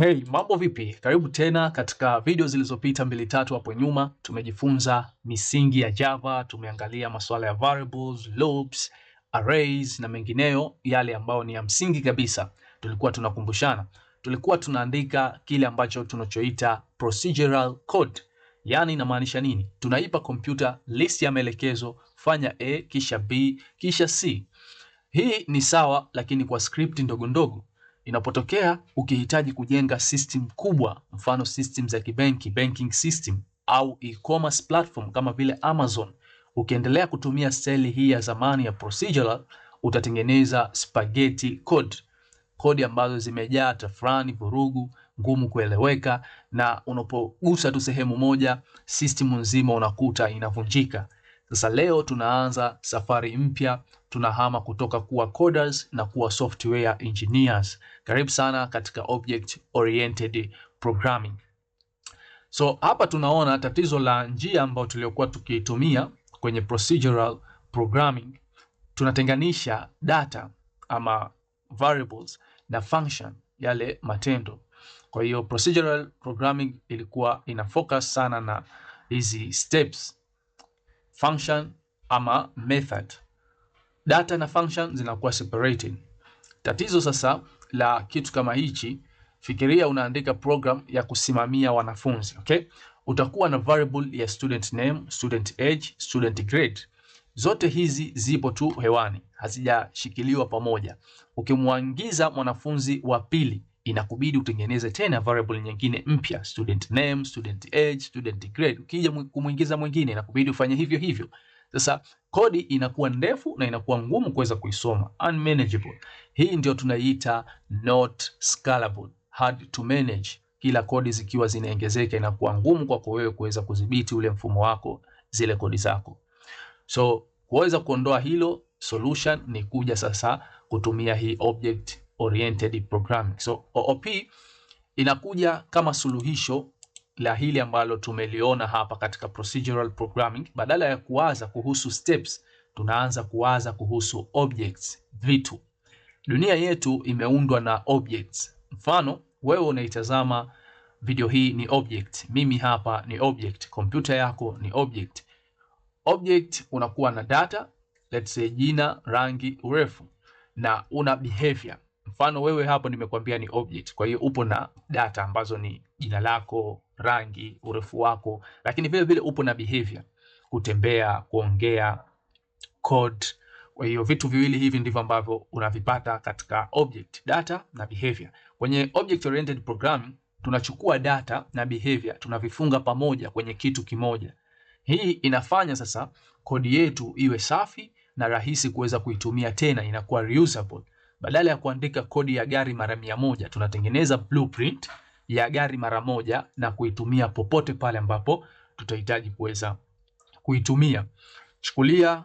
Hey, mambo vipi? Karibu tena. Katika video zilizopita mbili tatu hapo nyuma tumejifunza misingi ya Java, tumeangalia masuala ya variables, loops, arrays na mengineyo yale ambayo ni ya msingi kabisa. Tulikuwa tunakumbushana, tulikuwa tunaandika kile ambacho tunachoita procedural code. Yaani inamaanisha nini? Tunaipa kompyuta list ya maelekezo, fanya A kisha B kisha C. Hii ni sawa, lakini kwa script ndogo ndogo Inapotokea ukihitaji kujenga system kubwa, mfano system za kibenki, banking system au e-commerce platform kama vile Amazon, ukiendelea kutumia steli hii ya zamani ya procedural, utatengeneza spaghetti code, kodi ambazo zimejaa tafrani, vurugu, ngumu kueleweka, na unapogusa tu sehemu moja, system nzima unakuta inavunjika. Sasa leo tunaanza safari mpya, tunahama kutoka kuwa coders na kuwa software engineers. Karibu sana katika object oriented programming. So hapa tunaona tatizo la njia ambayo tuliokuwa tukiitumia kwenye procedural programming, tunatenganisha data ama variables na function, yale matendo. Kwa hiyo procedural programming ilikuwa ina focus sana na hizi steps function ama method. Data na function zinakuwa separated. Tatizo sasa la kitu kama hichi, fikiria unaandika program ya kusimamia wanafunzi okay? Utakuwa na variable ya student name, student age, student grade. Zote hizi zipo tu hewani, hazijashikiliwa pamoja. Ukimwangiza mwanafunzi wa pili inakubidi utengeneze tena variable nyingine mpya, student name, student age, student grade. Ukija kumuingiza mwingine inakubidi ufanye hivyo hivyo. Sasa kodi inakuwa ndefu na inakuwa ngumu kuweza kuisoma, unmanageable. Hii ndio tunaiita not scalable, hard to manage. Kila kodi zikiwa zinaongezeka inakuwa ngumu kwako wewe kuweza kudhibiti ule mfumo wako, zile kodi zako. So kuweza kuondoa hilo, solution ni kuja sasa kutumia hii object oriented programming. So OOP inakuja kama suluhisho la hili ambalo tumeliona hapa katika procedural programming. Badala ya kuwaza kuhusu steps, tunaanza kuwaza kuhusu objects, vitu. Dunia yetu imeundwa na objects. Mfano, wewe unaitazama video hii ni object, mimi hapa ni object, kompyuta yako ni object. Object unakuwa na data, let's say jina, rangi, urefu na una behavior Mfano wewe hapo nimekuambia ni object, kwa hiyo upo na data ambazo ni jina lako, rangi, urefu wako, lakini vile vile upo na behavior, kutembea, kuongea, code. Kwa hiyo vitu viwili hivi ndivyo ambavyo unavipata katika object, data na behavior. Kwenye object oriented programming tunachukua data na behavior tunavifunga pamoja kwenye kitu kimoja. Hii inafanya sasa kodi yetu iwe safi na rahisi kuweza kuitumia tena, inakuwa reusable badala ya kuandika kodi ya gari mara mia moja tunatengeneza blueprint ya gari mara moja na kuitumia popote pale ambapo tutahitaji kuweza kuitumia. Chukulia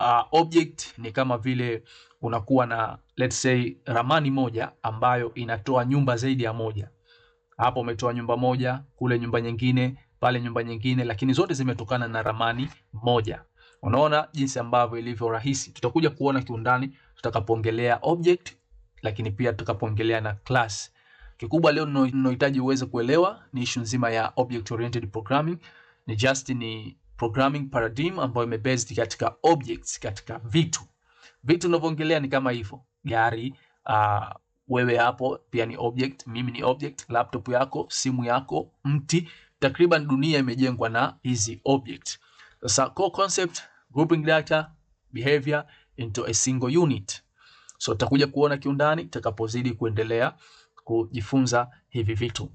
uh, object ni kama vile unakuwa na let's say ramani moja ambayo inatoa nyumba zaidi ya moja. Hapo umetoa nyumba moja, kule nyumba nyingine, pale nyumba nyingine, lakini zote zimetokana na ramani moja. Unaona jinsi ambavyo ilivyo rahisi. Tutakuja kuona kiundani tutakapoongelea object, lakini pia tutakapoongelea na class. Kikubwa leo ninohitaji uweze kuelewa ni issue nzima ya object oriented programming. Ni just ni programming paradigm ambayo imebased katika objects, katika vitu. Vitu ninavyoongelea ni kama hivyo. Gari, uh, wewe hapo pia ni object, mimi ni object, laptop yako, simu yako, mti, takriban dunia imejengwa na hizi object. Sasa core concept grouping data behavior into a single unit. So tutakuja kuona kiundani tutakapozidi kuendelea kujifunza hivi vitu.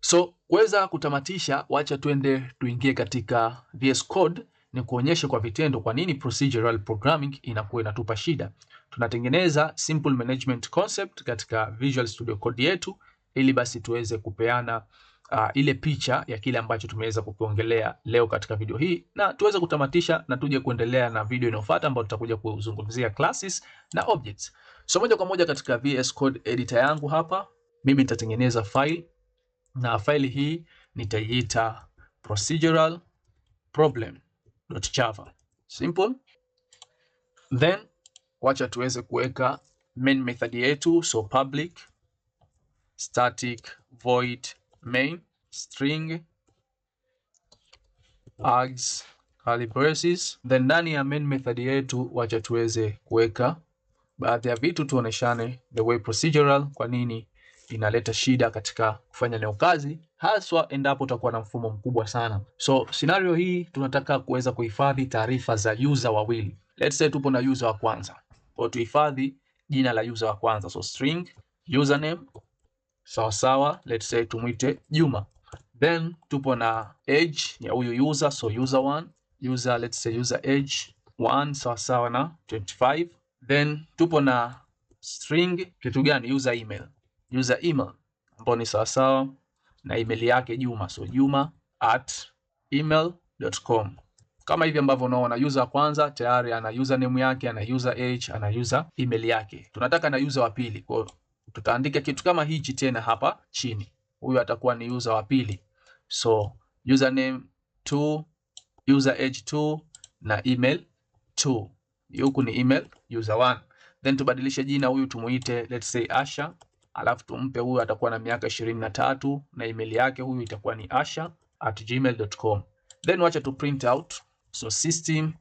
So kuweza kutamatisha, wacha tuende tuingie katika VS Code ni kuonyesha kwa vitendo kwa nini procedural programming inakuwa inatupa shida. Tunatengeneza simple management concept katika Visual Studio Code yetu ili basi tuweze kupeana uh, ile picha ya kile ambacho tumeweza kukiongelea leo katika video hii, na tuweze kutamatisha na tuje kuendelea na video inayofuata ambayo tutakuja kuzungumzia classes na objects. So moja kwa moja katika VS Code editor yangu hapa, mimi nitatengeneza file na file hii nitaiita procedural problem.java. Simple. Then wacha tuweze kuweka main method yetu, so public static void main string args curly braces. Then ndani ya main method yetu wacha tuweze kuweka baadhi ya vitu tuoneshane the way procedural, kwa nini inaleta shida katika kufanya leo kazi, haswa endapo utakuwa na mfumo mkubwa sana. So scenario hii tunataka kuweza kuhifadhi taarifa za user wawili. Let's say tupo na user wa kwanza, kwa tuhifadhi jina la user wa kwanza, so string username sawa sawasawa, let's say tumwite Juma. Then tupo na age ya huyu user, so user 1 user, let's say user age 1 sawasawa na 25. Then tupo na string kitu gani? User email, user email ambao ni sawa sawasawa na email yake Juma, so Juma at email.com kama hivi ambavyo unaona, user wa kwanza tayari ana username yake, ana user age, ana user email yake. Tunataka na user wa pili Kwa tutaandika kitu kama hichi tena hapa chini. Huyu atakuwa ni user wa pili, so username 2, user age 2 na email 2. Huku ni email user 1, then tubadilishe jina, huyu tumuite let's say Asha, alafu tumpe huyu atakuwa na miaka 23 na na email yake huyu itakuwa ni asha@gmail.com. Then wacha tu print out, so system.out.println.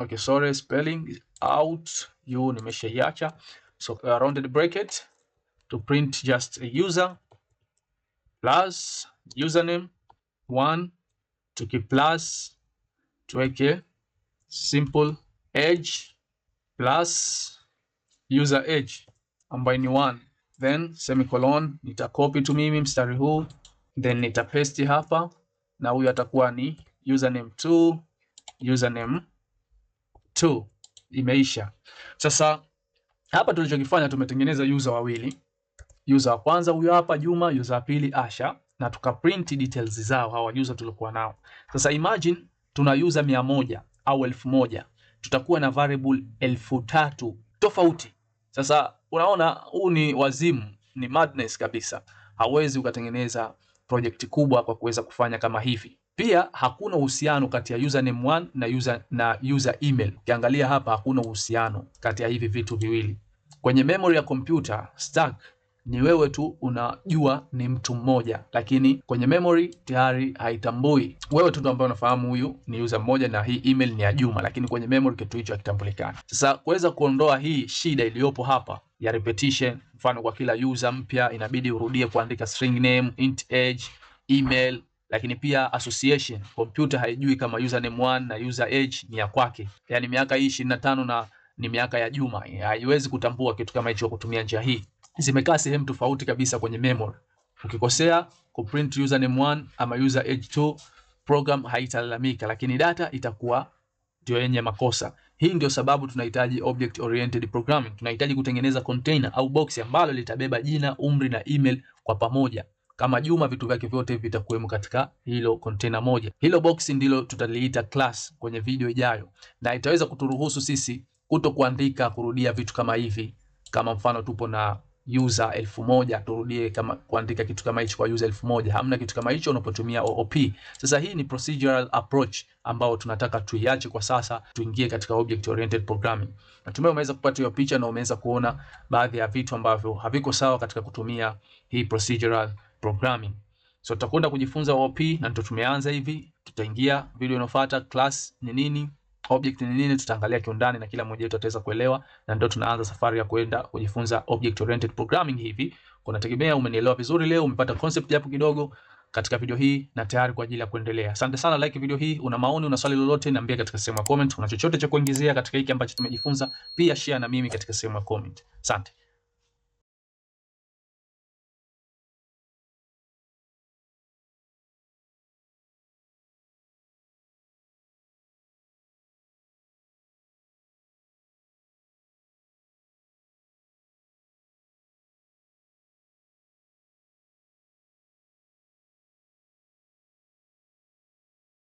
Okay, sorry, spelling out yu nimeshaiacha, so uh, rounded bracket to print just a user plus username one, tuki plus tuweke simple age plus user age ambayo ni one, then semicolon. Nitakopi tu mimi mstari huu then nitapesti hapa, na huyu atakuwa ni username two username two imeisha. Sasa hapa tulichokifanya tumetengeneza user wawili. User wa kwanza huyo hapa Juma, user wa pili Asha na tukaprint details zao hawa user tulikuwa nao. Sasa imagine tuna user mia moja au elfu moja tutakuwa na variable elfu tatu tofauti. Sasa unaona huu ni wazimu, ni madness kabisa. Hauwezi ukatengeneza project kubwa kwa kuweza kufanya kama hivi. Pia hakuna uhusiano kati ya username 1 na user, na user email. Ukiangalia hapa hakuna uhusiano kati ya hivi vitu viwili. Kwenye memory ya kompyuta stack ni wewe tu unajua ni mtu mmoja, lakini kwenye memory tayari haitambui. Wewe tu ambaye unafahamu huyu ni user mmoja na hii email ni ya Juma, lakini kwenye memory kitu hicho hakitambulikani. Sasa kuweza kuondoa hii shida iliyopo hapa ya repetition, mfano kwa kila user mpya inabidi urudie kuandika string name, int age, email lakini pia association computer haijui kama username 1 na user age ni ya kwake, yani miaka hii 25 na ni miaka ya Juma, haiwezi kutambua kitu kama hicho kutumia njia hii. Zimekaa sehemu tofauti kabisa kwenye memory. Ukikosea ku kuprint username 1 ama user age 2, program haitalalamika, lakini data itakuwa ndio yenye makosa. Hii ndio sababu tunahitaji object oriented programming. Tunahitaji kutengeneza container au box ambalo litabeba jina, umri na email kwa pamoja kama Juma, vitu vyake vyote vitakuwemo katika hilo container moja. Hilo box ndilo tutaliita class kwenye video ijayo, na itaweza kuturuhusu sisi kuto kuandika kurudia vitu kama hivi. Kama mfano tupo na user elfu moja turudie kama kuandika kitu kama hicho kwa user elfu moja Hamna kitu kama hicho unapotumia OOP. Sasa hii ni procedural approach ambao tunataka tuiache kwa sasa, tuingie katika object oriented programming. Natumai umeweza kupata hiyo picha na umeweza kuona baadhi ya vitu ambavyo haviko sawa katika kutumia hii procedural programming. So tutakwenda kujifunza OOP na ndio tumeanza hivi, tutaingia video inayofuata class ni nini, object ni nini, tutaangalia kiundani na kila mmoja wetu ataweza kuelewa, na ndio tunaanza safari ya kwenda kujifunza object oriented programming hivi. Kuna tegemea umenielewa vizuri leo, umepata concept japo kidogo katika video hii na tayari kwa ajili ya kuendelea. Asante sana, like video hii. Una maoni, una swali lolote, niambie katika sehemu ya comment. Una chochote cha kuongezea katika hiki ambacho tumejifunza, pia share na mimi katika sehemu ya comment. Asante.